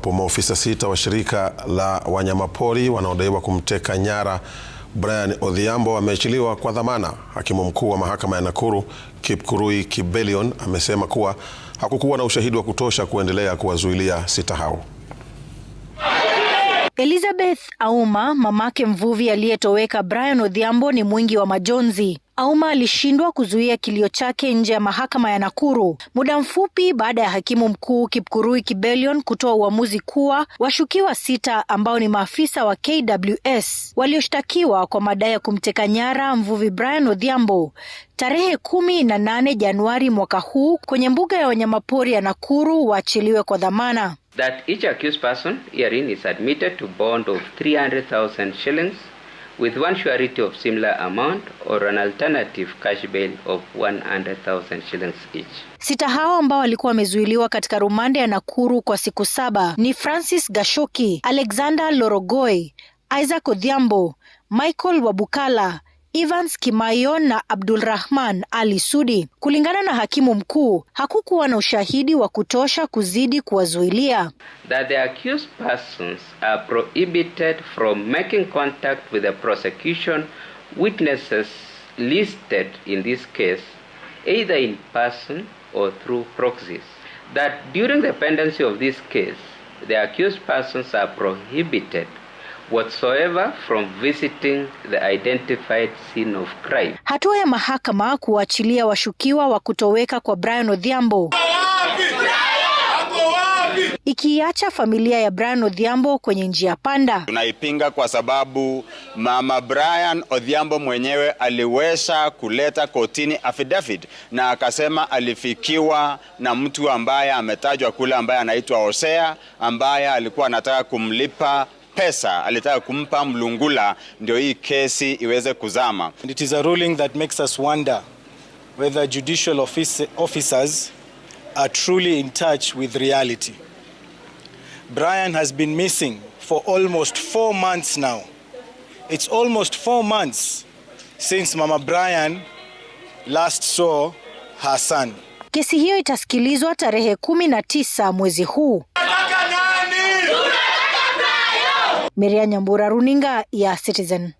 ambapo maofisa sita wa shirika la wanyamapori wanaodaiwa kumteka nyara Brian Odhiambo ameachiliwa kwa dhamana. Hakimu mkuu wa mahakama ya Nakuru Kipkurui Kibelion amesema kuwa hakukuwa na ushahidi wa kutosha kuendelea kuwazuilia sita hao. Elizabeth Auma, mamake mvuvi aliyetoweka Brian Odhiambo, ni mwingi wa majonzi. Auma alishindwa kuzuia kilio chake nje ya mahakama ya Nakuru muda mfupi baada ya hakimu mkuu Kipkurui kibelion kutoa uamuzi kuwa washukiwa sita ambao ni maafisa wa KWS walioshtakiwa kwa madai ya kumteka nyara mvuvi Brian Odhiambo tarehe kumi na nane Januari mwaka huu kwenye mbuga ya wanyamapori ya Nakuru waachiliwe kwa dhamana. That each accused person herein is admitted to bond of 300,000 shillings with one surety of similar amount or an alternative cash bail of 100,000 shillings each. Sita hao ambao walikuwa wamezuiliwa katika rumande ya Nakuru kwa siku saba ni Francis Gashoki, Alexander Lorogoi, Isaac Odhiambo, Michael Wabukala Evans Kimayon na Abdulrahman Ali Sudi. Kulingana na hakimu mkuu, hakukuwa na ushahidi wa kutosha kuzidi kuwazuilia. That the accused persons are prohibited from making contact with the prosecution witnesses listed in this case either in person or through proxies. That during the pendency of this case the accused persons are prohibited whatsoever from visiting the identified scene of crime. Hatua ya mahakama kuachilia washukiwa wa kutoweka kwa Brian Odhiambo ikiacha familia ya Brian Odhiambo kwenye njia panda. Tunaipinga kwa sababu mama Brian Odhiambo mwenyewe aliweza kuleta kotini affidavit na akasema alifikiwa na mtu ambaye ametajwa kule, ambaye anaitwa Hosea, ambaye alikuwa anataka kumlipa pesa alitaka kumpa Mlungula ndio hii kesi iweze kuzama. And it is a ruling that makes us wonder whether judicial office, officers are truly in touch with reality. Brian has been missing for almost four months now. It's almost four months since Mama Brian last saw her son. Kesi hiyo itasikilizwa tarehe 19 mwezi huu. Miriam Nyambura, runinga ya Citizen.